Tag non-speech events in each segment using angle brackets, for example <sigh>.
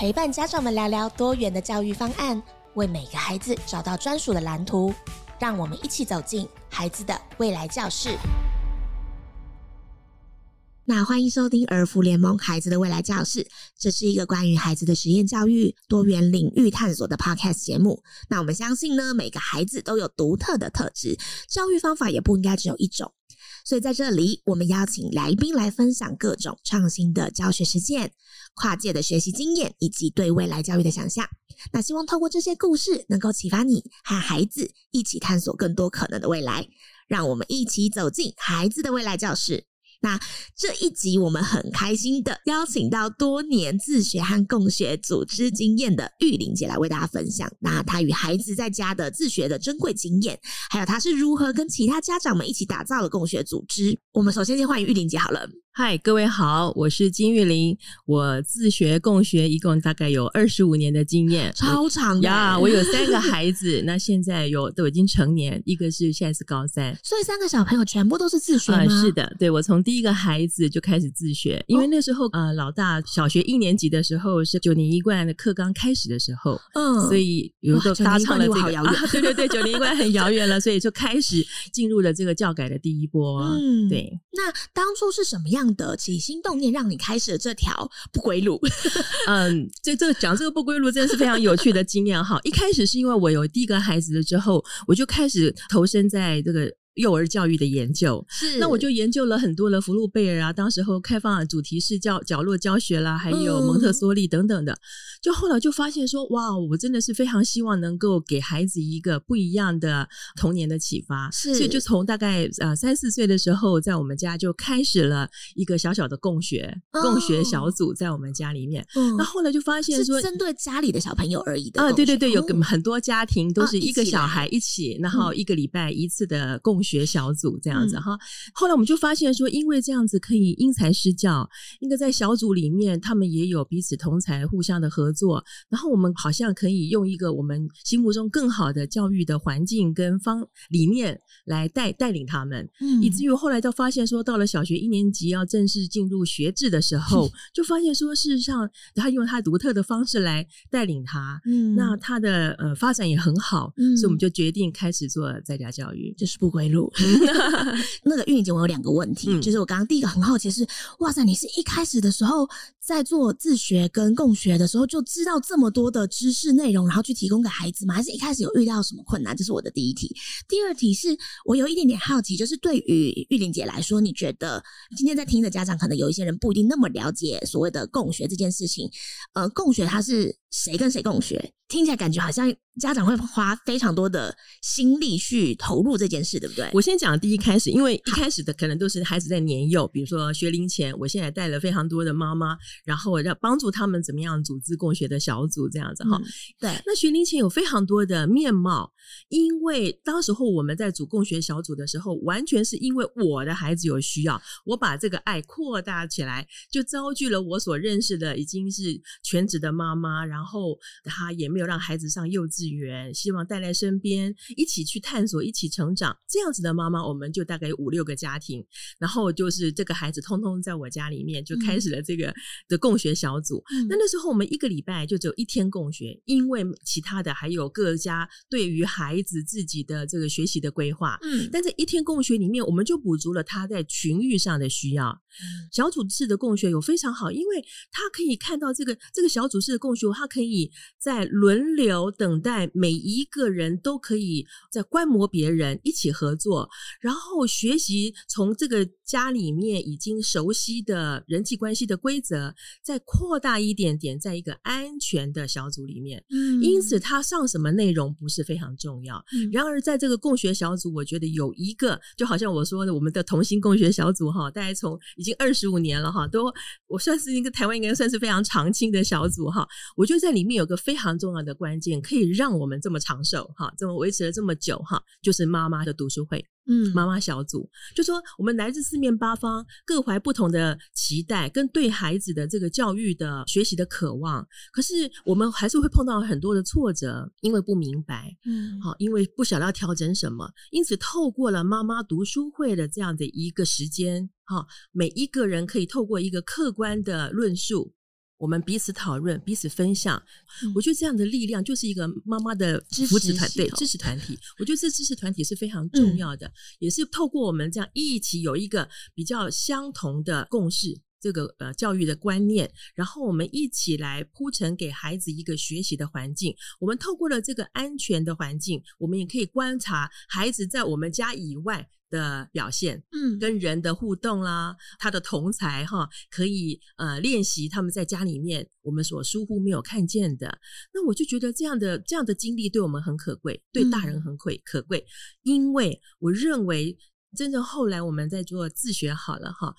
陪伴家長們聊聊多元的教育方案，為每個孩子找到專屬的藍圖，讓我們一起走進孩子的未來教室。那歡迎收聽兒福聯盟《孩子的未來教室》，這是一個關於孩子的實驗教育、多元領域探索的 Podcast 節目。那我們相信呢，每個孩子都有獨特的特質，教育方法也不應該只有一種。所以在這裡，我們邀請來賓來分享各種創新的教學實踐、跨界的學習經驗，以及對未來教育的想象。那希望透過這些故事，能夠啟發你和孩子一起探索更多可能的未來。讓我們一起走進《孩子的未來教室》。那這一集我們很開心的邀請到多年自學和共學組織經驗的聿琳姐來為大家分享。那她與孩子在家的自學的珍貴經驗，還有她是如何跟其他家長們一起打造的共學組織。我們首先先歡迎聿琳姐好了。嗨，各位好，我是金聿琳。我自學共學一共大概有二十五年的經驗，超長呀！我, yeah, 我有三個孩子， <laughs> 那現在有都已經成年，一個是現在是高三，所以三個小朋友全部都是自學嗎？嗯，是的，對，我從第一個孩子就開始自學，因為那時候、哦、呃，老大小學一年級的時候是九年一貫的課剛開始的時候，嗯，所以有一個搭上了這個、啊、對對對， <laughs> 九年一貫很遙遠了，所以就開始進入了這個教改的第一波。嗯，對，那當初是什麼樣？的起心動念，讓你開始這條不歸路。 <laughs> 嗯，這這個講這個不歸路，真的是非常有趣的經驗哈。 <laughs> 一開始是因為我有第一個孩子了之後，我就開始投身在這個。幼兒教育的研究是，那我就研究了很多了，福祿貝爾啊，當時候開放主題式教角落教學啦、啊，還有蒙特梭利等等的、嗯，就後來就發現說，哇，我真的是非常希望能夠給孩子一個不一樣的童年的啟發，是，所以就從大概呃、三四歲的時候，在我們家就開始了一個小小的共學、哦、共學小組在我們家裡面，那、嗯、後來就發現說，是針對家裡的小朋友而已的、呃，對對對，有很很多家庭都是一個小孩一起，哦、一起然後一個禮拜一次的共。學小組這樣子哈、嗯，後來我們就發現說，因為這樣子可以因材施教，應該在小組裡面，他們也有彼此同才互相的合作，然後我們好像可以用一個我們心目中更好的教育的環境跟方理念來帶帶領他們、嗯，以至於後來就發現說，到了小學一年級要正式進入學制的時候，嗯、就發現說，事實上他用他獨特的方式來帶領他，嗯，那他的呃發展也很好、嗯，所以我們就決定開始做在家教育，嗯、就是不管。 <laughs> 那個聿琳姐，我有兩個問題，嗯、就是我剛剛第一個很好奇是，哇塞，你是一開始的時候在做自學跟共學的時候就知道這麼多的知識內容，然後去提供給孩子嗎？還是一開始有遇到什麼困難？這、就是我的第一題。第二題是我有一點點好奇，就是對於聿琳姐來說，你覺得今天在聽的家長，可能有一些人不一定那麼了解所謂的共學這件事情。呃，共學它是誰跟誰共學？聽起來感覺好像。家長會花非常多的心力去投入這件事，對不對？我先講第一開始，因為一開始的可能都是孩子在年幼，比如說學齡前，我現在帶了非常多的媽媽，然後我要幫助他們怎麼樣組織共學的小組，這樣子哈、嗯。對，那學齡前有非常多的面貌，因為當時候我們在組共學小組的時候，完全是因為我的孩子有需要，我把這個愛擴大起來，就招聚了我所認識的已經是全職的媽媽，然後他也沒有讓孩子上幼稚園。希望帶來身邊，一起去探索，一起成長。這樣子的媽媽，我們就大概有五六個家庭，然後就是這個孩子通通在我家裡面就開始了這個的共學小組。那、嗯、那時候我們一個禮拜就只有一天共學，因為其他的還有各家對於孩子自己的這個學習的規劃。嗯，但這一天共學裡面，我們就補足了他在群育上的需要。小組式的共學有非常好，因為他可以看到這個這個小組式的共學，他可以在輪流等待，每一個人都可以在觀摩別人一起合作，然後學習從這個家裡面已經熟悉的人際關係的規則，再擴大一點點，在一個安全的小組裡面，嗯。因此他上什麼內容不是非常重要。嗯。然而在這個共學小組，我覺得有一個，就好像我說的，我們的童心共學小組哈，大家從。已經二十五年了哈，都我算是一個台灣，應該算是非常常青的小組哈。我覺得在裡面有個非常重要的關鍵，可以讓我們這麼長壽哈，這麼維持了這麼久哈，就是媽媽的讀書會。嗯，媽媽小組就說，我們來自四面八方，各懷不同的期待，跟對孩子的這個教育的學習的渴望。可是我們還是會碰到很多的挫折，因為不明白，嗯，好，因為不曉得要調整什麼。因此，透過了媽媽讀書會的這樣的一個時間，哈，每一個人可以透過一個客觀的論述。我們彼此討論，彼此分享。嗯，我覺得這樣的力量就是一個媽媽的支持團隊、對、支持團體。我覺得這支持團體是非常重要的。嗯，也是透過我們這樣一起有一個比較相同的共識，這個呃教育的觀念，然後我們一起來鋪陳給孩子一個學習的環境。我們透過了這個安全的環境，我們也可以觀察孩子在我們家以外的表現，嗯，跟人的互動啦，他的同儕哈，可以呃練習他們在家裡面我們所疏忽沒有看見的。那我就覺得這樣的這樣的經歷對我們很可貴，對大人很可貴、嗯、可貴，因為我認為真正後來我們在做自學好了哈。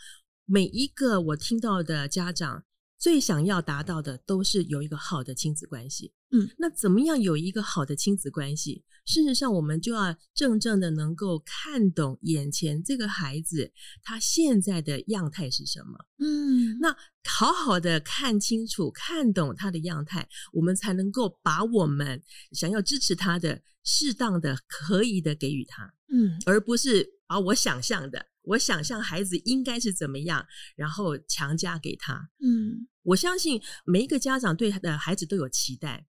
每一個我聽到的家長最想要達到的，都是有一個好的親子關係。嗯，那怎麼樣有一個好的親子關係？事實上，我們就要真正的能夠看懂眼前這個孩子他現在的樣態是什麼。嗯，那好好的看清楚、看懂他的樣態，我們才能夠把我們想要支持他的、適當的、可以的給予他。嗯，而不是把我想象的。我想象孩子應該是怎麼樣，然後強加給他。嗯，我相信每一個家長對呃孩子都有期待，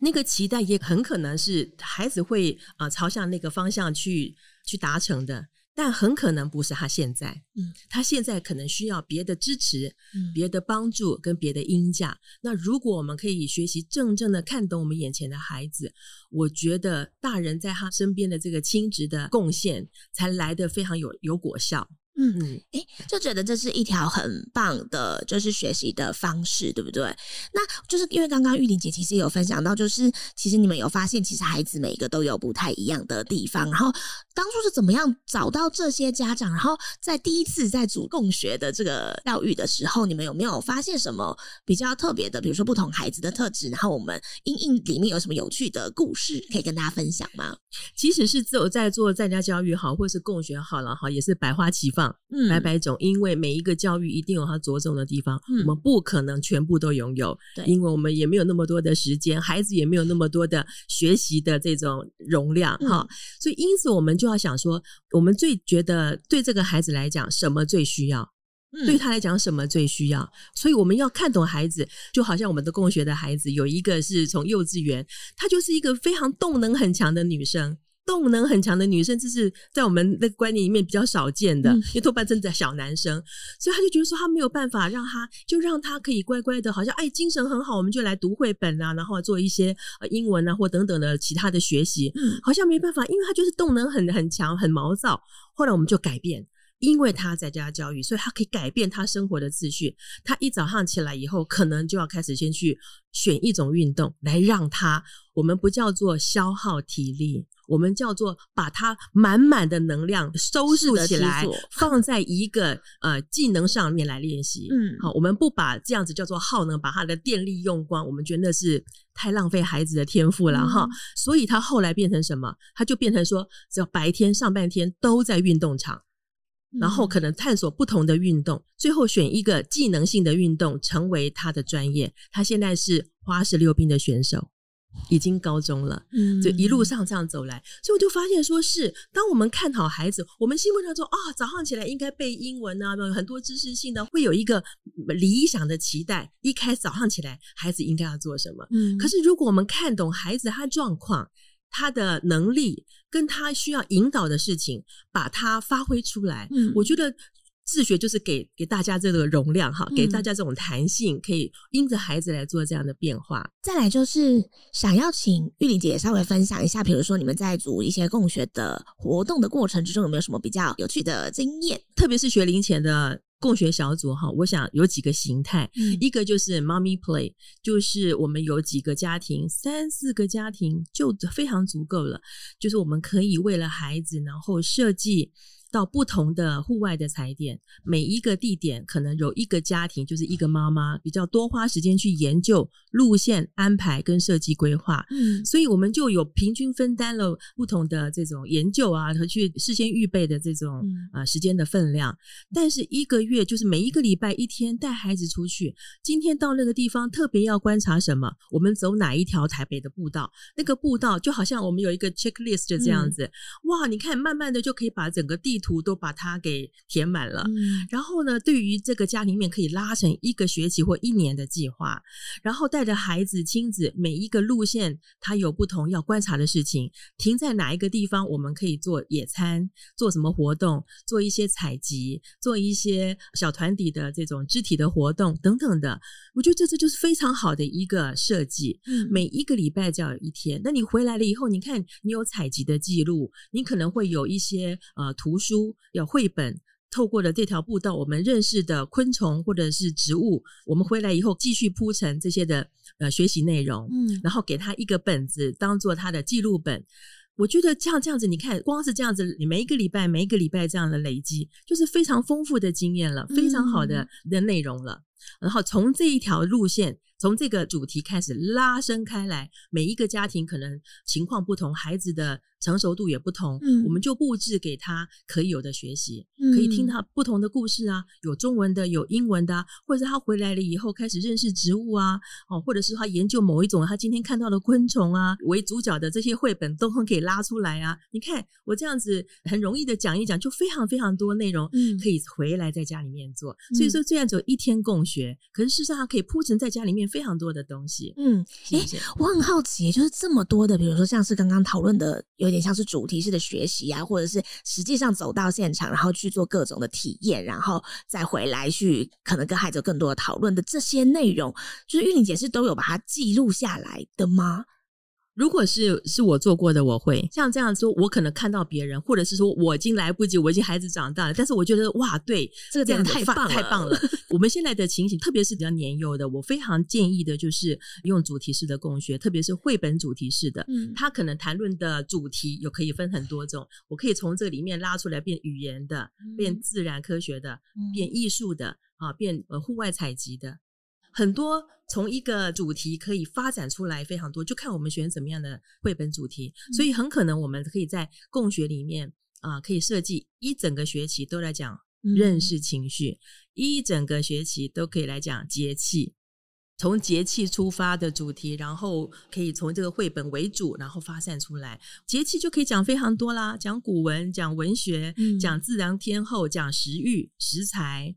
那個期待也很可能是孩子會啊、呃、朝向那個方向去去達成的。但很可能不是他現在，嗯，他現在可能需要別的支持，嗯，別的幫助跟別的音量。那如果我們可以學習真正，正的看懂我們眼前的孩子，我覺得大人在他身邊的這個親職的貢獻才來得非常有有果效。嗯嗯，哎，就覺得這是一條很棒的，就是學習的方式，對不對？那就是因為剛剛聿琳姐其實有分享到，就是其實你們有發現，其實孩子每個都有不太一樣的地方。然後當初是怎麼樣找到這些家長？然後在第一次在主共學的這個教育的時候，你們有沒有發現什麼比較特別的？比如說不同孩子的特質？然後我們英英裡面有什麼有趣的故事可以跟大家分享嗎？即使是只有在做在家教育好，或是共學好了好，也是百花齊放。嗯，百百種，因為每一個教育一定有它着重的地方，嗯，我們不可能全部都擁有，對，嗯，因為我們也沒有那麼多的時間，孩子也沒有那麼多的學習的這種容量哈，嗯哦，所以因此我們就要想說，我們最覺得對這個孩子來講什麼最需要，嗯，對他來講什麼最需要，所以我們要看懂孩子，就好像我們的共學的孩子有一個是從幼稚園，她就是一個非常動能很強的女生。動能很強的女生，這是在我們那個觀念裡面比較少見的，嗯、因為多半都是小男生，所以他就覺得說他沒有辦法讓他，就讓他可以乖乖的，好像哎精神很好，我們就來讀繪本啊，然後做一些英文啊或等等的其他的學習，嗯，好像沒辦法，因為他就是動能很很強，很毛躁。後來我們就改變，因為他在家教育，所以他可以改變他生活的秩序。他一早上起來以後，可能就要開始先去選一種運動來讓他，我們不叫做消耗體力。我們叫做把他滿滿的能量收拾起來，放在一個呃技能上面來練習。嗯，好，我們不把這樣子叫做耗能，把他的電力用光，我們覺得那是太浪費孩子的天賦了哈。所以他後來變成什麼？他就變成說，只要白天上半天都在運動場，然後可能探索不同的運動，最後選一個技能性的運動成為他的專業。他現在是花式溜冰的選手。已經高中了，就一路上這樣走來，嗯，所以我就發現，說是當我們看好孩子，我們心目當中啊，哦，早上起來應該背英文吶，啊，有很多知識性的，會有一個理想的期待。一開始早上起來，孩子應該要做什麼？嗯，可是如果我們看懂孩子他狀況、他的能力跟他需要引導的事情，把他發揮出來，嗯，我覺得。自學就是給給大家這個容量哈，給大家這種彈性，可以因着孩子來做這樣的變化。嗯、再來就是想要請聿琳姐，姐稍微分享一下，比如說你們在組一些共學的活動的過程之中，有沒有什麼比較有趣的經驗？特別是學齡前的共學小組哈，我想有幾個形態，嗯、一個就是媽咪 Play，就是我們有幾個家庭，三四個家庭就非常足夠了，就是我們可以為了孩子然後設計。到不同的戶外的踩點，每一個地點可能有一個家庭，就是一個媽媽比較多花時間去研究路線安排跟設計規劃。嗯，所以我們就有平均分擔了不同的這種研究啊和去事先預備的這種啊時間的分量，嗯。但是一個月就是每一個禮拜一天帶孩子出去，今天到那個地方特別要觀察什麼？我們走哪一條台北的步道？那個步道就好像我們有一個 checklist 這樣子。嗯，哇，你看，慢慢的就可以把整個地。圖都把它給填滿了，然後呢，對於這個家裡面可以拉成一個學期或一年的計劃，然後帶着孩子親子每一個路線，它有不同要觀察的事情，停在哪一個地方，我們可以做野餐，做什麼活動，做一些採集，做一些小團體的這種肢體的活動等等的。我覺得這這就是非常好的一個設計。每一個禮拜就要一天，那你回來了以後，你看你有採集的記錄，你可能會有一些呃圖。書有繪本，透過了這條步道，我們認識的昆蟲或者是植物，我們回來以後繼續鋪陳這些的呃學習內容，嗯，然後給他一個本子當做他的記錄本。我覺得像這樣子，你看，光是這樣子，你每一個禮拜每一個禮拜這樣的累積，就是非常豐富的經驗了，非常好的、嗯、的內容了。然後從這一條路線，從這個主題開始拉伸開來，每一個家庭可能情況不同，孩子的成熟度也不同，嗯、我們就布置給他可以有的學習、嗯，可以聽他不同的故事啊，有中文的，有英文的、啊，或者是他回來了以後開始認識植物啊，哦，或者是他研究某一種他今天看到的昆蟲啊，為主角的這些繪本都很可以拉出來啊。你看我這樣子很容易的講一講，就非常非常多內容可以回來在家裡面做。嗯、所以說這樣就有一天共。學，可是事實上可以鋪陳在家裡面非常多的東西。嗯，哎、欸，我很好奇，就是這麼多的，比如說像是剛剛討論的，有點像是主題式的學習啊，或者是實際上走到現場，然後去做各種的體驗，然後再回來去可能跟孩子更多的討論的這些內容，就是聿琳姐是都有把它記錄下來的嗎？如果是是我做過的，我會像這樣說。我可能看到別人，或者是說我已經來不及，我已經孩子長大了。但是我覺得哇，對，這個真的太棒了。太棒了 <laughs> 我們現在的情形，特別是比較年幼的，我非常建議的就是用主題式的共學，特別是繪本主題式的。嗯，他可能談論的主題有可以分很多種，我可以從這個裡面拉出來變語言的，嗯、變自然科學的，嗯、變藝術的，啊，變呃戶外採集的。很多從一個主題可以發展出來非常多，就看我們選什麼樣的繪本主題。嗯。所以很可能我們可以在共學裡面啊，可以設計一整個學期都來講認識情緒、嗯，一整個學期都可以來講節氣，從節氣出發的主題，然後可以從這個繪本為主，然後發散出來節氣就可以講非常多啦，講古文、講文學、嗯、講自然天候，講食育、食材。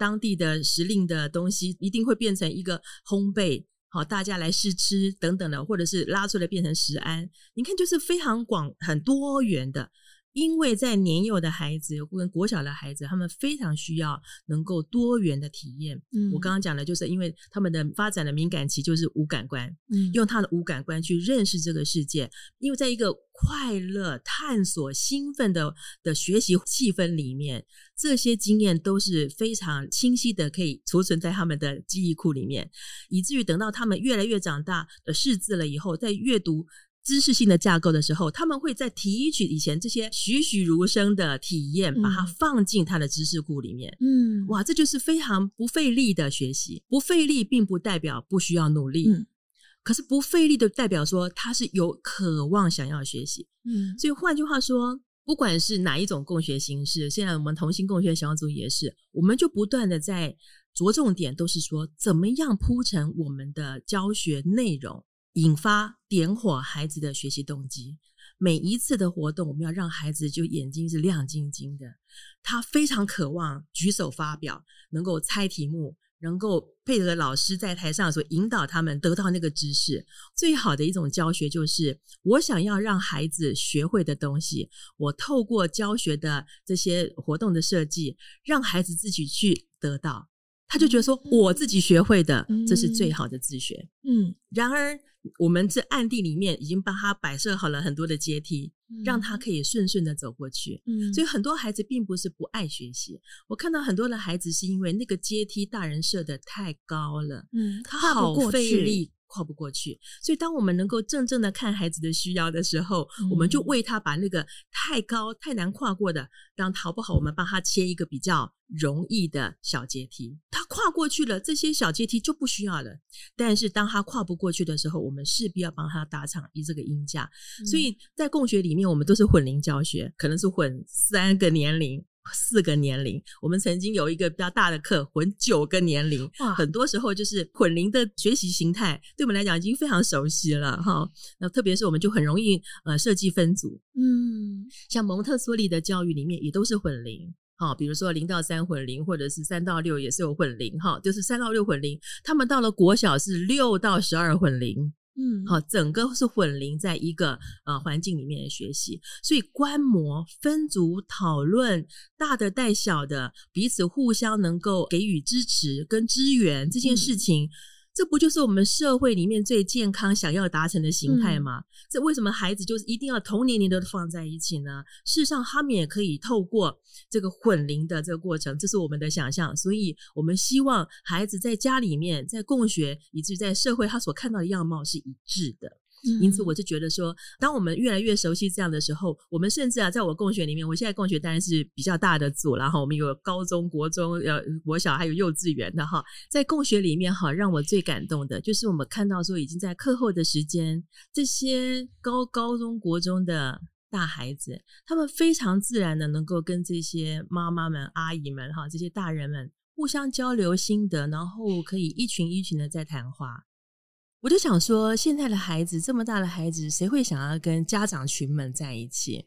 當地的時令的東西一定會變成一個烘焙。好，大家來試吃等等的，或者是拉出來變成食安，你看就是非常廣，很多元的。因為在年幼的孩子跟國小的孩子，他們非常需要能夠多元的體驗。嗯，我剛剛講的就是因為他們的發展的敏感期就是五感官。嗯，用他的五感官去認識這個世界。因為在一個快樂、探索、興奮的的學習氣氛裡面，這些經驗都是非常清晰的，可以儲存在他們的記憶庫裡面，以至於等到他們越來越長大，識字了以後，在閱讀。知識性的架構的時候，他們會再提取以前這些栩栩如生的體驗，把它放進他的知識庫裡面。嗯，哇，這就是非常不費力的學習。不費力並不代表不需要努力，嗯，可是不費力的代表說他是有渴望想要學習，嗯。所以換句話說，不管是哪一種共學形式，現在我們童心共學小組也是，我們就不斷的在着重點都是說怎麼樣鋪陳我們的教學內容。引發點火孩子的學習動機，每一次的活動，我們要讓孩子就眼睛是亮晶晶的，他非常渴望舉手發表，能夠猜題目，能夠配合老師在台上所引導他們得到那個知識。最好的一種教學就是，我想要讓孩子學會的東西，我透過教學的這些活動的設計，讓孩子自己去得到，他就覺得說，嗯、我自己學會的、嗯，這是最好的自學。嗯，嗯，然而。我們在暗地裡面已經幫他擺設好了很多的階梯，嗯，讓他可以順順的走過去，嗯。所以很多孩子並不是不愛學習，我看到很多的孩子是因為那個階梯大人設的太高了，嗯，他好費力，跨不過去，所以當我們能夠真正，正的看孩子的需要的時候，嗯、我們就為他把那個太高太難跨過的當逃不好，我們幫他切一個比較容易的小階梯。他跨過去了，這些小階梯就不需要了。但是當他跨不過去的時候，我們勢必要幫他搭上一這個鷹架。所以在共學裡面，我們都是混齡教學，可能是混三個年齡。四個年齡，我們曾經有一個比較大的課，混九個年齡哇，很多時候就是混齡的學習形態，對我們來講已經非常熟悉了哈。那特別是我們就很容易呃設計分組，嗯，像蒙特梭利的教育裡面也都是混齡，哈，比如說零到三混齡，或者是三到六也是有混齡哈，就是三到六混齡，他們到了國小是六到十二混齡。嗯，好，整個是混齡在一個呃環境裡面的學習，所以觀摩、分組、討論、大的帶小的，彼此互相能夠給予支持跟支援這件事情。嗯這不就是我們社會裡面最健康、想要達成的形態嗎？嗯，這為什麼孩子就是一定要同年齡都放在一起呢？事實上，他們也可以透過這個混齡的這個過程，這是我們的想象。所以，我們希望孩子在家裡面在共學，以至於在社會，他所看到的樣貌是一致的。因此，我就覺得說，當我們越來越熟悉這樣的時候，我們甚至啊，在我共學裡面，我現在共學當然是比較大的組，然後我們有高中、國中，呃，國小還有幼稚園的哈，在共學裡面哈，讓我最感動的就是我們看到說，已經在課後的時間，這些高、高中、國中的大孩子，他們非常自然的能夠跟這些媽媽們、阿姨們哈，這些大人們互相交流心得，然後可以一群一群的在談話。我就想說，現在的孩子這麼大的孩子，誰會想要跟家長群們在一起？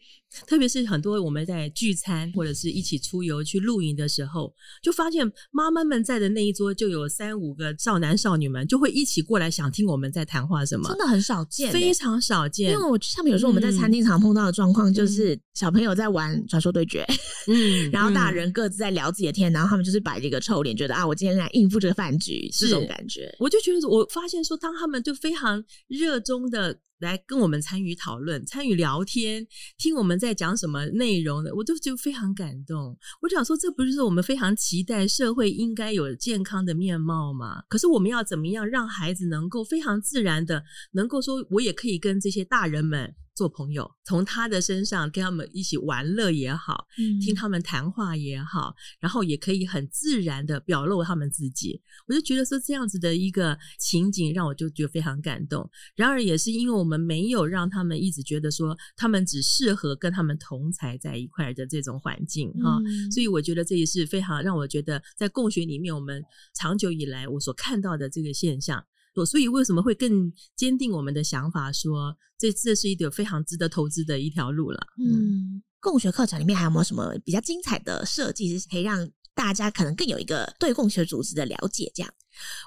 特別是很多我們在聚餐或者是一起出遊去露營的時候，就發現媽媽們在的那一桌就有三五個少男少女們，就會一起過來想聽我們在談話什麼，真的很少見、欸，非常少見。因為我上面有時候我們在餐廳常碰到的狀況就是小朋友在玩傳說對決，嗯， <laughs> 然後大人各自在聊自己的天，然後他們就是擺這個臭臉，覺得啊，我今天來應付這個飯局是這種感覺。我就覺得，我發現說，當他們就非常熱衷的。來跟我們參與討論、參與聊天、聽我們在講什麼內容的，我都就非常感動。我想說，這不是我們非常期待社會應該有健康的面貌嗎？可是我們要怎麼樣讓孩子能夠非常自然的，能夠說，我也可以跟這些大人們。做朋友，從他的身上跟他們一起玩樂也好，嗯、聽他們談話也好，然後也可以很自然地表露他們自己。我就覺得說，這樣子的一個情景，讓我就覺得非常感動。然而也是因為我們沒有讓他們一直覺得說他們只適合跟他們同儕在一塊的這種環境哈、嗯哦，所以我覺得這也是非常讓我覺得在共學裡面，我們長久以來我所看到的這個現象。所以，為什麼會更堅定我們的想法說，說這這是一個非常值得投資的一條路了。嗯，共學課程裡面還有沒有什麼比較精彩的設計，是可以讓大家可能更有一個對共學組織的了解？這樣，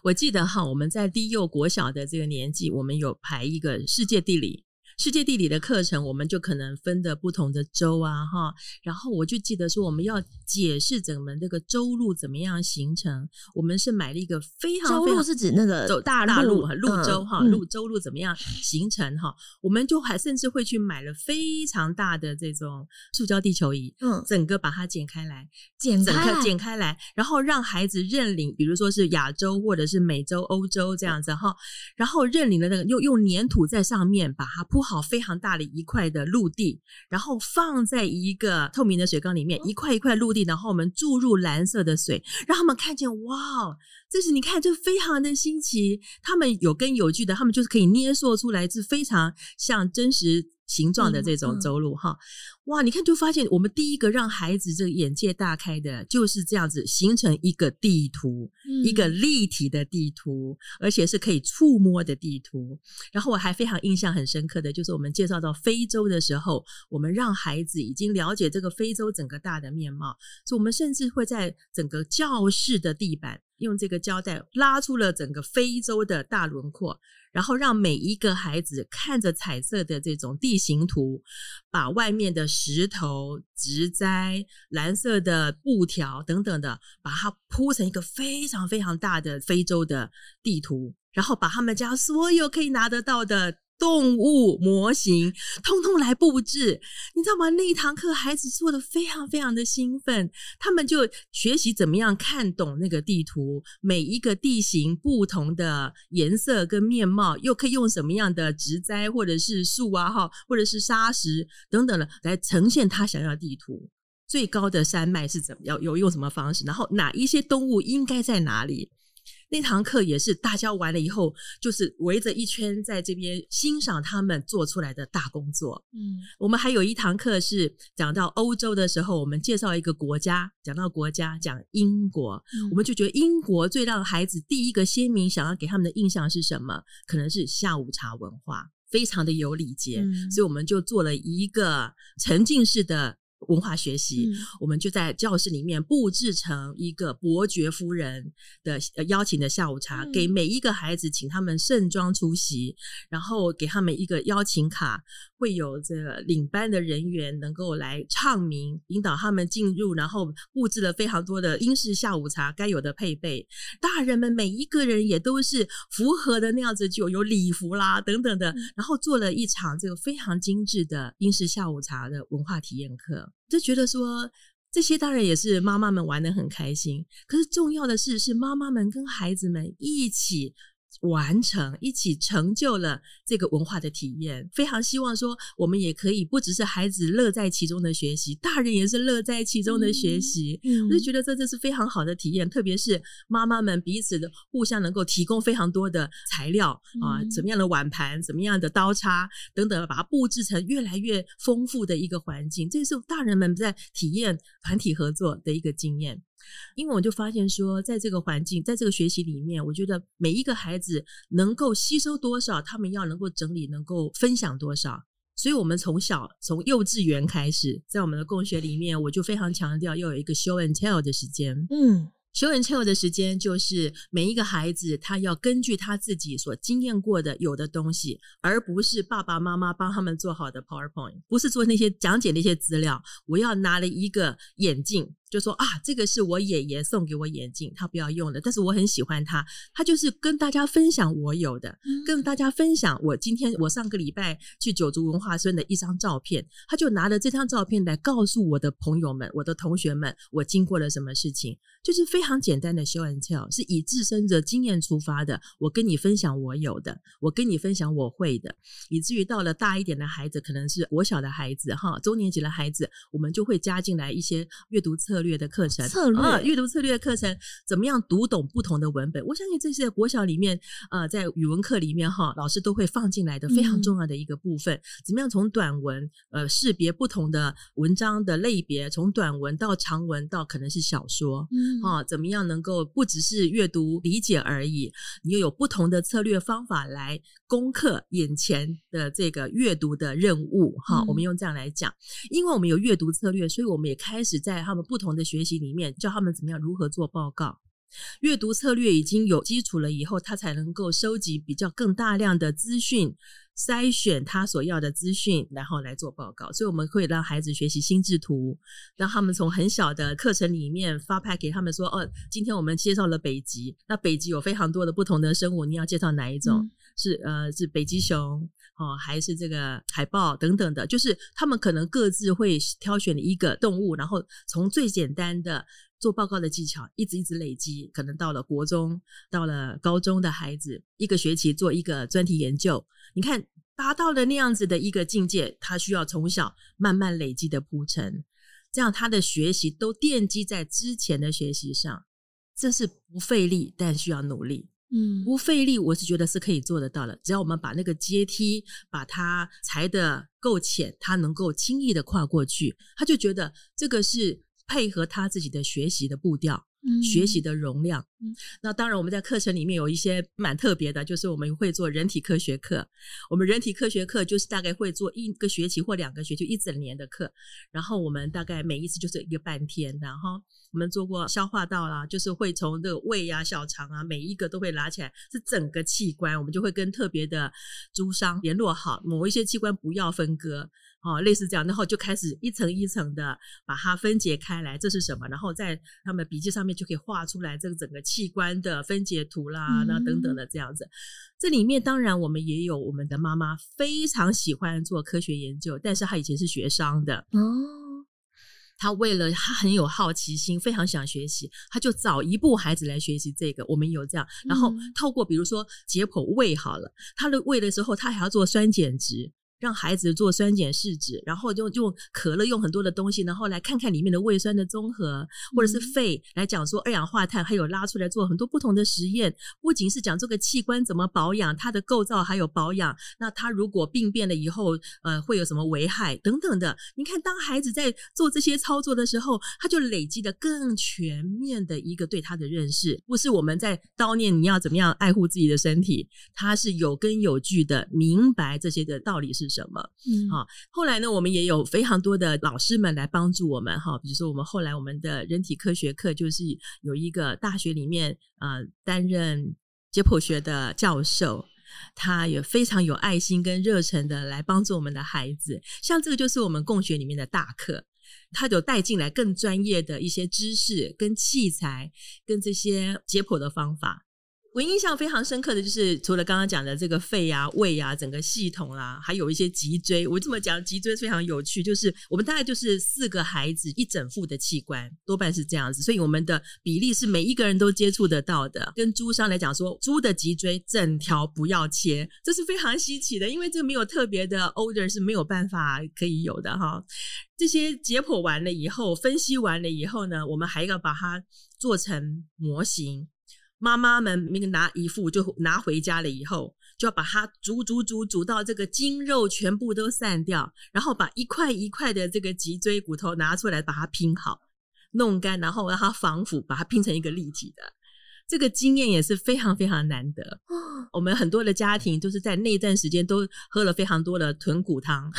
我記得哈，我們在低幼國小的這個年紀，我們有排一個世界地理。世界地理的課程，我們就可能分的不同的州啊，哈，然後我就記得說，我們要解釋怎麼這個州路怎麼樣形成。我們是買了一個非常，非常，州路是指那個走大陸，陸洲哈路洲路怎麼樣形成哈？我們就還甚至會去買了非常大的這種塑膠地球儀，嗯，整個把它剪開來，剪開剪開來，然後讓孩子認領，比如說是亞洲或者是美洲、歐洲這樣子哈，然後認領的那個用用粘土在上面把它鋪。好非常大的一塊的陸地，然後放在一個透明的水缸裡面，一塊一塊陸地，然後我們注入藍色的水，讓他們看見。哇，這是你看，這非常的新奇。他們有根有據的，他們就是可以捏塑出來，是非常像真實。形狀的這種走路、嗯嗯、哈，哇！你看，就發現我們第一個讓孩子這個眼界大開的，就是這樣子形成一個地圖，嗯，一個立體的地圖，而且是可以觸摸的地圖。然後我還非常印象很深刻的就是，我們介紹到非洲的時候，我們讓孩子已經了解這個非洲整個大的面貌，所以我們甚至會在整個教室的地板用這個膠帶拉出了整個非洲的大輪廓。然後讓每一個孩子看着彩色的這種地形圖，把外面的石頭、植栽、藍色的布條等等的，把它鋪成一個非常非常大的非洲的地圖，然後把他們家所有可以拿得到的。動物模型通通來布置，你知道嗎？那一堂課，孩子做得非常非常的興奮。他們就學習怎麼樣看懂那個地圖，每一個地形不同的顏色跟面貌，又可以用什麼樣的植栽或者是樹啊，哈，或者是沙石等等的來呈現他想要的地圖。最高的山脈是怎麼樣？有用什麼方式？然後哪一些動物應該在哪裡？那堂課也是大家玩了以後，就是圍着一圈在這邊欣賞他們做出來的大工作。嗯，我們還有一堂課是講到歐洲的時候，我們介紹一個國家，講到國家，講英國，我們就覺得英國最讓孩子第一個鮮明想要給他們的印象是什麼？可能是下午茶文化，非常的有禮節。嗯，所以我們就做了一個沉浸式的。文化學習，嗯，我們就在教室裡面佈置成一個伯爵夫人的，呃，邀請的下午茶，嗯，給每一個孩子請他們盛裝出席，然後給他們一個邀請卡，會有這個領班的人員能夠來唱名，引導他們進入，然後佈置了非常多的英式下午茶該有的配備，大人們每一個人也都是符合的那樣子，就有，有禮服啦等等的，然後做了一場這個非常精緻的英式下午茶的文化體驗課。就覺得說，這些當然也是媽媽們玩得很開心。可是重要的是，是媽媽們跟孩子們一起。完成，一起成就了這個文化的體驗。非常希望說，我們也可以不只是孩子樂在其中的學習，大人也是樂在其中的學習。嗯，我就覺得這就是非常好的體驗，特別是媽媽們彼此的互相能夠提供非常多的材料啊，嗯，呃，怎麼樣的碗盤，怎麼樣的刀叉等等，把它布置成越來越豐富的一個環境。這是大人們在體驗團體合作的一個經驗。因為我就發現說，在這個環境，在這個學習裡面，我覺得每一個孩子能夠吸收多少，他們要能夠整理、能夠分享多少。所以，我們從小從幼稚園開始，在我們的共學裡面，我就非常強調要有一個 show and tell 的時間。嗯，show and tell 的時間就是每一個孩子他要根據他自己所經驗過的有的東西，而不是爸爸媽媽幫他們做好的 PowerPoint，不是做那些講解那些資料。我要拿了一個眼鏡。就說啊，這個是我爺爺送給我眼鏡，他不要用的，但是我很喜歡他。他就是跟大家分享我有的，跟大家分享我今天我上個禮拜去九族文化村的一張照片。他就拿了這張照片來告訴我的朋友們、我的同學們，我經過了什麼事情，就是非常簡單的 show and tell，是以自身的經驗出發的。我跟你分享我有的，我跟你分享我會的，以至於到了大一點的孩子，可能是我小的孩子哈，中年級的孩子，我們就會加進來一些閱讀策略。的課程、哦、閱讀策略的課程，怎麼樣讀懂不同的文本？我相信這是國小裡面、呃，在語文課裡面哈、哦，老師都會放進來的非常重要的一個部分、嗯。怎麼樣從短文，呃，識別不同的文章的類別？從短文到長文，到可能是小說，嗯，哈、哦，怎麼樣能夠不只是閱讀理解而已？你又有不同的策略方法來攻克眼前的這個閱讀的任務？哈、嗯哦，我們用這樣來講，因為我們有閱讀策略，所以我們也開始在他們不同的學習裡面，教他們怎麼樣如何做報告，閱讀策略已經有基礎了以後，他才能夠收集比較更大量的資訊，篩選他所要的資訊，然後來做報告。所以我們會讓孩子學習心智圖，讓他們從很小的課程裡面發派給他們說：哦，今天我們介紹了北極，那北極有非常多的不同的生物，你要介紹哪一種？嗯是呃，是北極熊哦，還是這個海豹等等的，就是他們可能各自會挑選一個動物，然後從最簡單的做報告的技巧，一直一直累積，可能到了國中，到了高中的孩子，一個學期做一個專題研究，你看達到了那樣子的一個境界，他需要從小慢慢累積的鋪陳，這樣他的學習都奠基在之前的學習上，這是不費力，但需要努力。嗯，不費力，我是覺得是可以做得到的。只要我們把那個階梯把它裁得夠淺，他能夠輕易的跨過去，他就覺得這個是配合他自己的學習的步調。嗯、學習的容量。嗯、那當然，我們在課程裡面有一些蠻特別的，就是我們會做人體科學課。我們人體科學課就是大概會做一個學期或兩個學期一整年的課，然後我們大概每一次就是一個半天。的。哈，我們做過消化道啦、啊，就是會從這個胃啊、小腸啊，每一個都會拉起來，是整個器官，我們就會跟特別的豬商聯絡好，某一些器官不要分割。哦，類似這樣，然後就開始一層一層的把它分解開來，這是什麼？然後在他們筆記上面就可以畫出來這個整個器官的分解圖啦、嗯，那等等的這樣子。這裡面當然我們也有我們的媽媽非常喜歡做科學研究，但是她以前是學商的哦。她為了她很有好奇心，非常想學習，她就早一步孩子來學習這個。我們有這樣，然後透過比如說解剖胃好了，她的胃的時候，她還要做酸鹼值。讓孩子做酸鹼試紙，然後就用可樂，用很多的東西，然後來看看裡面的胃酸的綜合，或者是肺，嗯，來講說二氧化碳，還有拉出來做很多不同的實驗。不僅是講這個器官怎麼保養，它的構造還有保養。那它如果病變了以後，呃，會有什麼危害等等的。你看，當孩子在做這些操作的時候，他就累積得更全面的一個對他的認識，不是我們在叨念你要怎麼樣愛護自己的身體，他是有根有據的明白這些的道理是，是什麼？嗯，好。後來呢，我們也有非常多的老師們來幫助我們，哈。比如說，我們後來我們的人體科學課就是有一個大學裡面啊擔任解剖學的教授，他也非常有愛心跟熱忱的來幫助我們的孩子。像這個就是我們共學裡面的大課，他有帶進來更專業的一些知識、跟器材、跟這些解剖的方法。我印象非常深刻的就是，除了剛剛講的這個肺啊、胃啊、整個系統啦、啊，還有一些脊椎。我這麼講脊椎非常有趣，就是我們大概就是四個孩子一整副的器官，多半是這樣子。所以我們的比例是每一個人都接觸得到的。跟豬商來講說，豬的脊椎整條不要切，這是非常稀奇的，因為這個沒有特別的 order 是沒有辦法可以有的哈。這些解剖完了以後，分析完了以後呢，我們還要把它做成模型。媽媽們那個拿一副就拿回家了以後，就要把它煮煮煮煮到這個筋肉全部都散掉，然後把一塊一塊的這個脊椎骨頭拿出來，把它拼好，弄乾，然後讓它防腐，把它拼成一個立體的。這個經驗也是非常非常難得。我們很多的家庭就是在那段時間都喝了非常多的豚骨湯，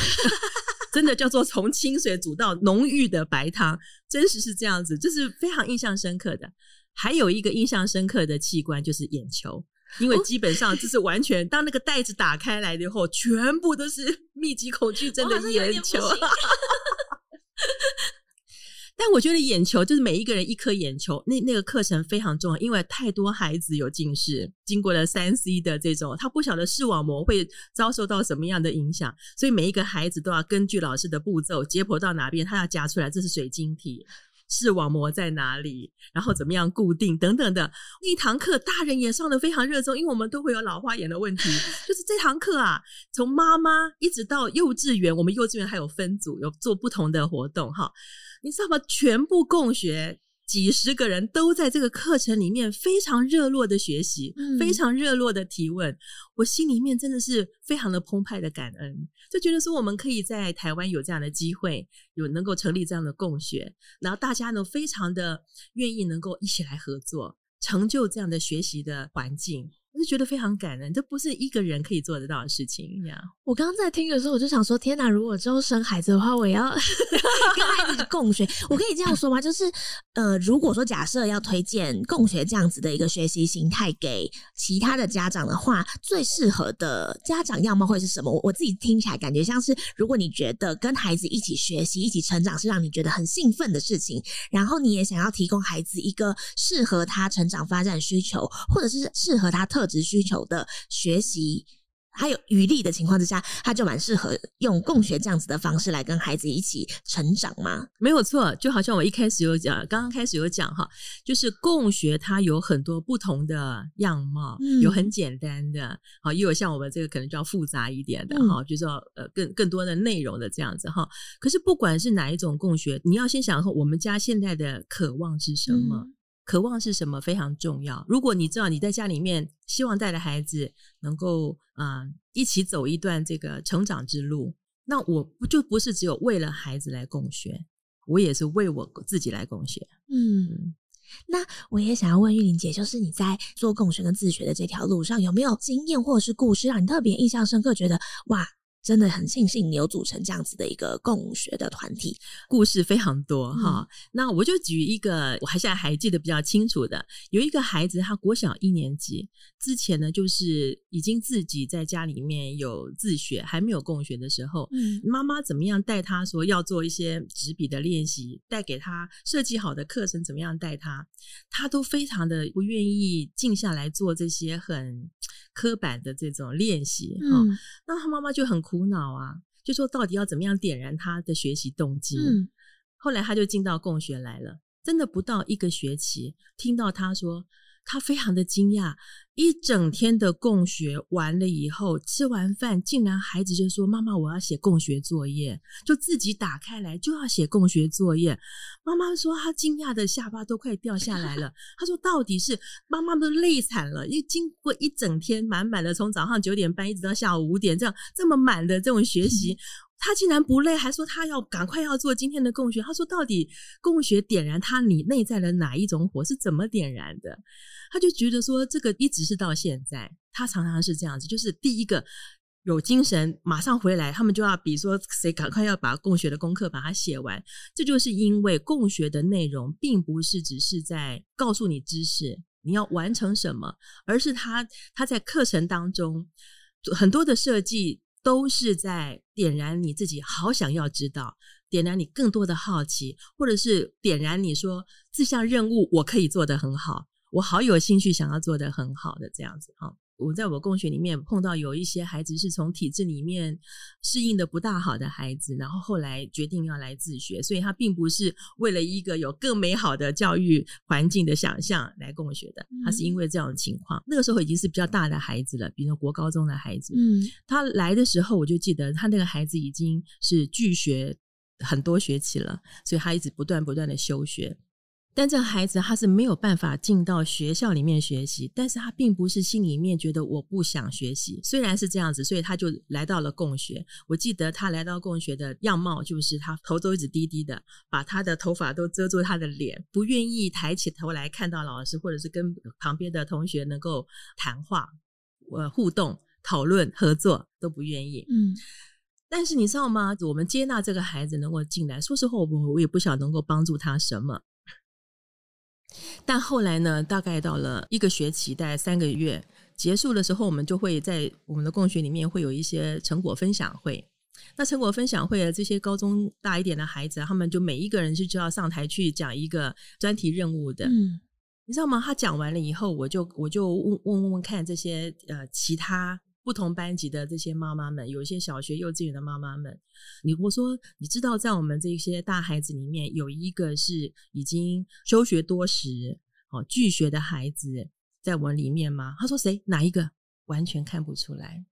真的叫做從清水煮到濃郁的白湯，真實是這樣子，這是非常印象深刻的。還有一個印象深刻的器官就是眼球，因為基本上這是完全當那個袋子打開來以後，全部都是密集恐懼症的眼球。哦、 <laughs> 但我覺得眼球就是每一個人一顆眼球，那那個課程非常重要，因為太多孩子有近視，經過了三 C 的這種，他不曉得視網膜會遭受到什麼樣的影響，所以每一個孩子都要根據老師的步驟，解剖到哪邊，他要夾出來，這是水晶體。視網膜在哪裡？然後怎麼樣固定等等的那堂課，大人也上得非常熱衷，因為我們都會有老花眼的問題。 <laughs> 就是這堂課啊，從媽媽一直到幼稚園，我們幼稚園還有分組，有做不同的活動哈。你知道嗎？全部共學。幾十個人都在這個課程裡面非常熱絡的學習，嗯，非常熱絡的提問，我心裡面真的是非常的澎湃的感恩，就覺得說，我們可以在台灣有這樣的機會，有能夠成立這樣的共學，然後大家呢非常的願意能夠一起來合作，成就這樣的學習的環境。我覺得非常感人，這不是一個人可以做得到的事情一樣。我剛剛在聽的時候，我就想說：天哪！如果之後生孩子的話，我也要跟孩子共學。 <laughs> 我可以這樣說嗎？就是，呃，如果說假設要推薦共學這樣子的一個學習形態給其他的家長的話，最適合的家長樣貌會是什麼？我我自己聽起來感覺像是，如果你覺得跟孩子一起學習、一起成長是讓你覺得很興奮的事情，然後你也想要提供孩子一個適合他成長發展需求，或者是適合他特職需求的學習，還有餘力的情況之下，他就蠻適合用共學這樣子的方式來跟孩子一起成長嘛？沒有錯，就好像我一開始有講，剛剛開始有講哈，就是共學它有很多不同的樣貌，嗯、有很簡單的，好，也有像我們這個可能就要複雜一點的哈、嗯，就是說呃更更多的內容的這樣子哈。可是不管是哪一種共學，你要先想說我們家現在的渴望是什麼。嗯渴望是什麼非常重要。如果你知道你在家裡面希望帶着孩子能夠啊、呃、一起走一段這個成長之路，那我不就不是只有為了孩子來共學，我也是為我自己來共學。嗯，那我也想要問聿琳姐，就是你在做共學跟自學的這條路上，有沒有經驗或者是故事讓你特別印象深刻，覺得哇，真的很慶幸有組成這樣子的一個共學的團體，故事非常多哈、嗯。那我就舉一個，我還現在還記得比較清楚的，有一個孩子，他國小一年級之前呢，就是已經自己在家裡面有自學，還沒有共學的時候，媽、嗯、媽怎麼樣帶他，說要做一些紙筆的練習，帶給他設計好的課程，怎麼樣帶他，他都非常的不願意靜下來做這些很。刻板的這種練習，嗯，哦，那他媽媽就很苦惱啊，就說到底要怎麼樣點燃他的學習動機？嗯，後來他就進到共學來了，真的不到一個學期，聽到他說。他非常的驚訝，一整天的共學完了以後，吃完飯竟然，孩子就說：“媽媽，我要寫共學作業。”就自己打開來就要寫共學作業。媽媽說，她驚訝的下巴都快掉下來了。她說：“到底是媽媽都累慘了，因為經過一整天滿滿的，從早上九點半一直到下午五點，這樣這麼滿的這種學習。”嗯他竟然不累，還說他要趕快要做今天的共學。他說：“到底共學點燃他你內在的哪一種火？是怎麼點燃的？”他就覺得說：“這個一直是到現在，他常常是這樣子，就是第一個有精神馬上回來，他們就要比說誰趕快要把共學的功課把它寫完。這就是因為共學的內容並不是只是在告訴你知識你要完成什麼，而是他他在課程當中很多的設計。”都是在點燃你自己，好想要知道，點燃你更多的好奇，或者是點燃你說，這項任務我可以做得很好，我好有興趣想要做得很好的這樣子我在我共學裡面碰到有一些孩子是從體制裡面適應的不大好的孩子，然後後來決定要來自學，所以他並不是為了一個有更美好的教育環境的想象來共學的，他是因為這種情況。嗯。那個時候已經是比較大的孩子了，比如說國高中的孩子。嗯，他來的時候，我就記得他那個孩子已經是拒學很多學期了，所以他一直不斷不斷的休學。但這孩子他是沒有辦法進到學校裡面學習，但是他並不是心裡面覺得我不想學習，雖然是這樣子，所以他就來到了共學。我記得他來到共學的樣貌，就是他頭都一直低低的，把他的頭髮都遮住他的臉，不願意抬起頭來看到老師，或者是跟旁邊的同學能夠談話、呃互動、討論、合作都不願意。嗯，但是你知道嗎？我們接納這個孩子能夠進來，說實話，我我也不曉得能夠幫助他什麼。但後來呢，大概到了一個學期，大概三個月結束的時候，我們就會在我們的共學裡面會有一些成果分享會。那成果分享會，這些高中大一點的孩子，他們就每一個人是就要上台去講一個專題任務的。嗯，你知道嗎？他講完了以後，我就我就問問問看這些呃其他。不同班級的這些媽媽們，有一些小學、幼稚園的媽媽們，你我說，你知道在我們這些大孩子裡面有一個是已經休學多時哦拒學的孩子在我們裡面嗎？他說誰？哪一個？完全看不出來。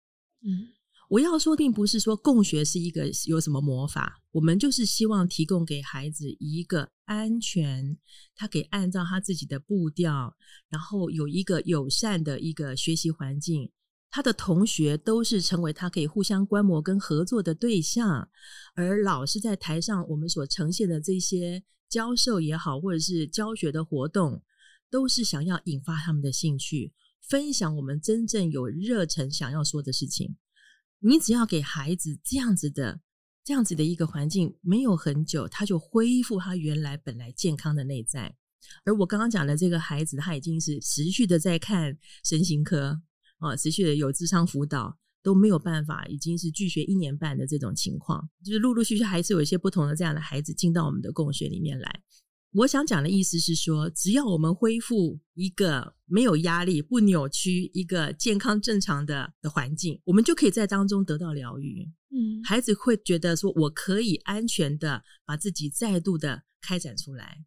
嗯，我要說並不是說共學是一個有什麼魔法，我們就是希望提供給孩子一個安全，他可以按照他自己的步調，然後有一個友善的一個學習環境。他的同學都是成為他可以互相觀摩跟合作的對象，而老師在台上，我們所呈現的這些教授也好，或者是教學的活動，都是想要引發他們的興趣，分享我們真正有熱忱想要說的事情。你只要給孩子這樣子的、這樣子的一個環境，沒有很久，他就恢復他原來本來健康的內在。而我剛剛講的這個孩子，他已經是持續的在看神經科。啊，持續的有智商輔導都沒有辦法，已經是拒學一年半的這種情況，就是陸陸續續還是有一些不同的這樣的孩子進到我們的共學裡面來。我想講的意思是說，只要我們恢復一個沒有壓力、不扭曲、一個健康正常的的環境，我們就可以在當中得到療癒。嗯，孩子會覺得說，我可以安全的把自己再度的開展出來。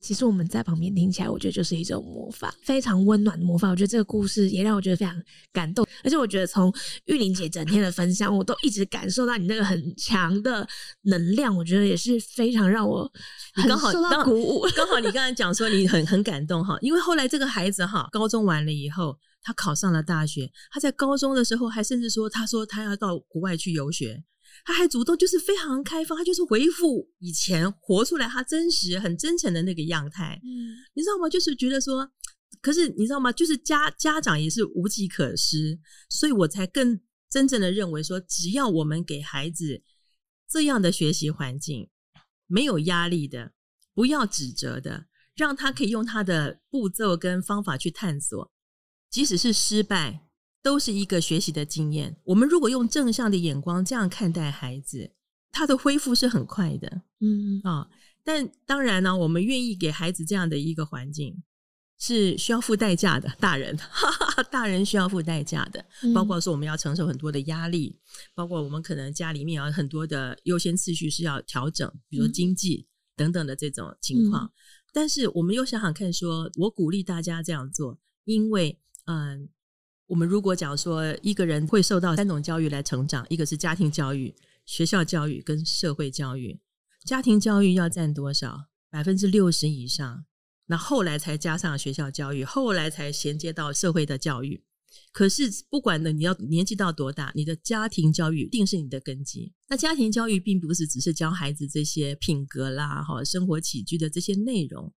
其實我們在旁邊聽起來，我覺得就是一種魔法，非常溫暖的魔法。我覺得這個故事也讓我覺得非常感動，而且我覺得從聿琳姐整天的分享，我都一直感受到你那個很強的能量。我覺得也是非常讓我很受到鼓舞。剛好，剛， <laughs> 剛好你剛才講說你很很感動哈，因為後來這個孩子哈，高中完了以後，他考上了大學。他在高中的時候還甚至說，他說他要到國外去遊學。他還主動，就是非常開放，他就是回復以前活出來他真實、很真誠的那個樣態，嗯，你知道嗎？就是覺得說，可是你知道嗎？就是家家長也是無計可施，所以我才更真正的認為說，只要我們給孩子這樣的學習環境，沒有壓力的，不要指責的，讓他可以用他的步驟跟方法去探索，即使是失敗。都是一個學習的經驗。我們如果用正向的眼光這樣看待孩子，他的恢復是很快的。嗯啊，但當然呢，啊，我們願意給孩子這樣的一個環境，是需要付代價的。大人， <laughs> 大人需要付代價的，包括說我們要承受很多的壓力，嗯，包括我們可能家裡面有很多的優先次序是要調整，比如經濟等等的這種情況，嗯。但是我們又想想看說，說我鼓勵大家這樣做，因為嗯。呃我們如果講說一個人會受到三種教育來成長，一個是家庭教育、學校教育跟社會教育。家庭教育要佔多少？百分之六十以上。那後來才加上學校教育，後來才銜接到社會的教育。可是不管呢，你要年紀到多大，你的家庭教育一定是你的根基。那家庭教育並不是只是教孩子這些品格啦、哈生活起居的這些內容。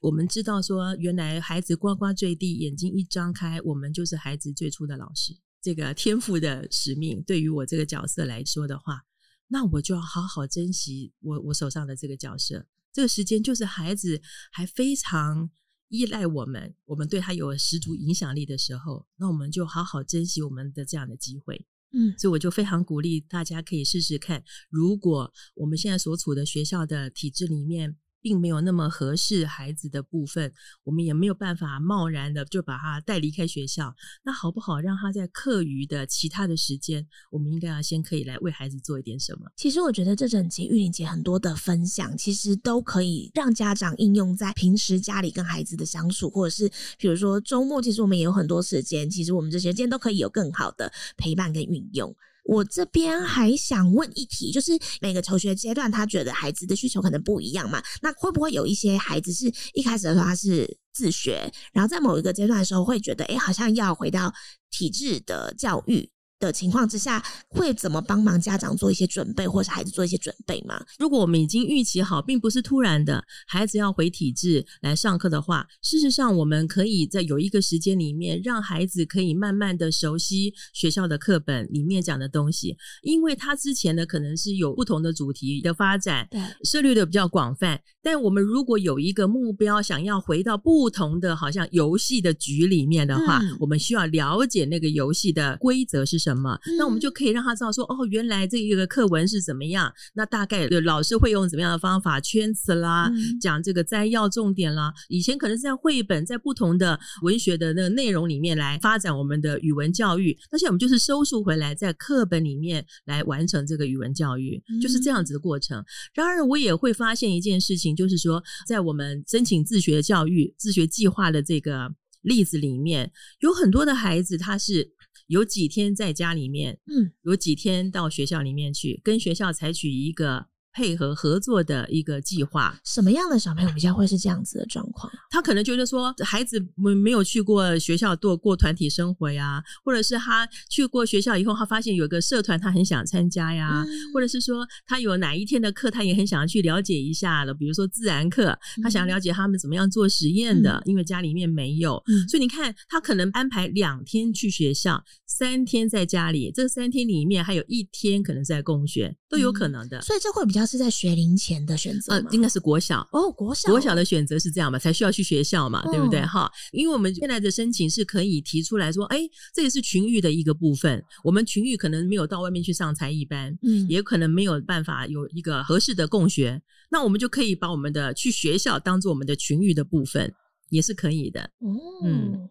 我們知道說，原來孩子呱呱墜地，眼睛一張開，我們就是孩子最初的老師。這個天賦的使命，對於我這個角色來說的話，那我就要好好珍惜我我手上的這個角色。這個時間就是孩子還非常依賴我們，我們對他有十足影響力的時候，那我們就好好珍惜我們的這樣的機會。嗯，所以我就非常鼓勵大家可以試試看，如果我們現在所處的學校的體制裡面，並沒有那麼合適孩子的部分，我們也沒有辦法貿然的就把他帶離開學校。那好不好讓他在課餘的其他的時間，我們應該要先可以來為孩子做一點什麼？其實我覺得這整集聿琳姐很多的分享，其實都可以讓家長應用在平時家裡跟孩子的相處，或者是比如說周末，其實我們也有很多時間，其實我們這些時間都可以有更好的陪伴跟運用。我這邊還想問一題，就是每個求學階段，他覺得孩子的需求可能不一樣嘛，那會不會有一些孩子是一開始的時候他是自學，然後在某一個階段的時候會覺得，哎、欸，好像要回到體制的教育，的情況之下，會怎麼幫忙家長做一些準備，或是孩子做一些準備嗎？如果我們已經預期好，並不是突然的孩子要回體制來上課的話，事實上我們可以在有一個時間裡面，讓孩子可以慢慢的熟悉學校的課本裡面講的東西，因為他之前呢可能是有不同的主題的發展，對涉獵的比較廣泛。但我們如果有一個目標，想要回到不同的好像遊戲的局裡面的話，嗯、我們需要了解那個遊戲的規則是什麼。嗯、那我們就可以讓他知道說，哦，原來這一個課文是怎麼樣。那大概的老師會用怎麼樣的方法圈詞啦、嗯，講這個摘要重點啦。以前可能是在繪本，在不同的文學的那個內容裡面來發展我們的語文教育，但是我們就是收束回來，在課本裡面來完成這個語文教育，就是這樣子的過程。嗯、然而，我也會發現一件事情，就是說，在我們申請自學教育自學計劃的這個例子裡面，有很多的孩子他是。有幾天在家裡面，嗯，有幾天到學校裡面去，跟學校採取一個。配合合作的一個計劃，什麼樣的小朋友比較會是這樣子的狀況？他可能覺得說，孩子沒沒有去過學校做過團體生活啊，或者是他去過學校以後，他發現有個社團他很想參加呀、啊嗯，或者是說他有哪一天的課他也很想要去了解一下的，比如說自然課，嗯、他想要了解他們怎麼樣做實驗的，嗯、因為家裡面沒有，嗯、所以你看他可能安排兩天去學校，三天在家裡，這三天裡面還有一天可能在共學都有可能的、嗯，所以這會比較。是在學齡前的選擇，呃，應該是國小，哦、國小哦，國小國小的選擇是這樣嘛，才需要去學校嘛，哦、對不對？哈，因為我們現在的申請是可以提出來說，哎、欸，這也是群育的一個部分。我們群育可能沒有到外面去上才藝班、嗯，也可能沒有辦法有一個合適的共學，那我們就可以把我們的去學校當做我們的群育的部分，也是可以的。哦、嗯。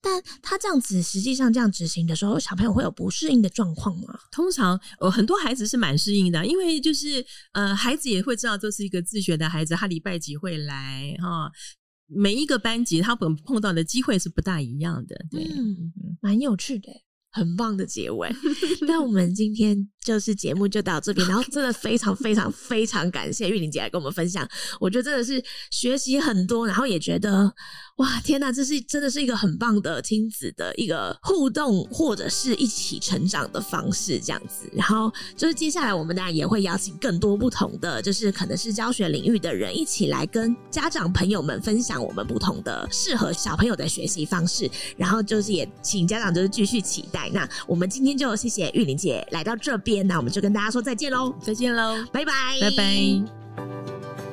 但他這樣子，實際上這樣執行的時候，小朋友會有不適應的狀況嗎？通常呃、哦，很多孩子是蠻適應的，因為就是呃，孩子也會知道這是一個自學的孩子，他禮拜幾會來哈、哦，每一個班級他碰到的機會是不大一樣的，對，蠻、嗯、有趣的，很棒的結尾。 <laughs> <laughs> 但我們今天就是節目就到這邊， <laughs> 然後真的非常非常非常感謝聿琳姐來跟我們分享，我覺得真的是學習很多，然後也覺得。哇，天哪，這是真的是一個很棒的親子的一個互動，或者是一起成長的方式，這樣子。然後就是接下來我們當然也會邀請更多不同的，就是可能是教學領域的人一起來跟家長朋友們分享我們不同的適合小朋友的學習方式。然後就是也請家長就是繼續期待。那我們今天就謝謝聿琳姐來到這邊，那我們就跟大家說再見嘍，再見嘍，拜拜，拜拜。